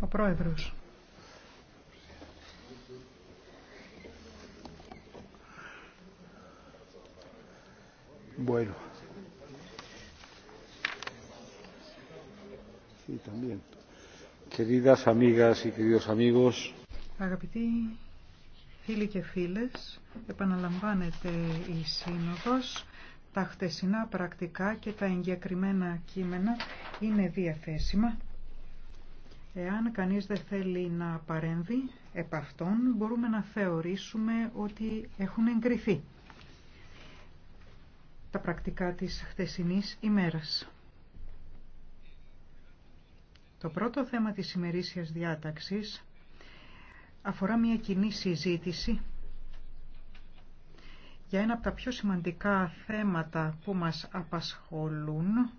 Ο Πρόεδρος. Αγαπητοί φίλοι και φίλες, επαναλαμβάνεται η Σύνοδος. Τα χτεσινά πρακτικά και τα εγκεκριμένα κείμενα είναι διαθέσιμα. Εάν κανείς δεν θέλει να παρέμβει επ' αυτών, μπορούμε να θεωρήσουμε ότι έχουν εγκριθεί τα πρακτικά της χτεσινής ημέρας. Το πρώτο θέμα της ημερήσιας διάταξης αφορά μια κοινή συζήτηση για ένα από τα πιο σημαντικά θέματα που μας απασχολούν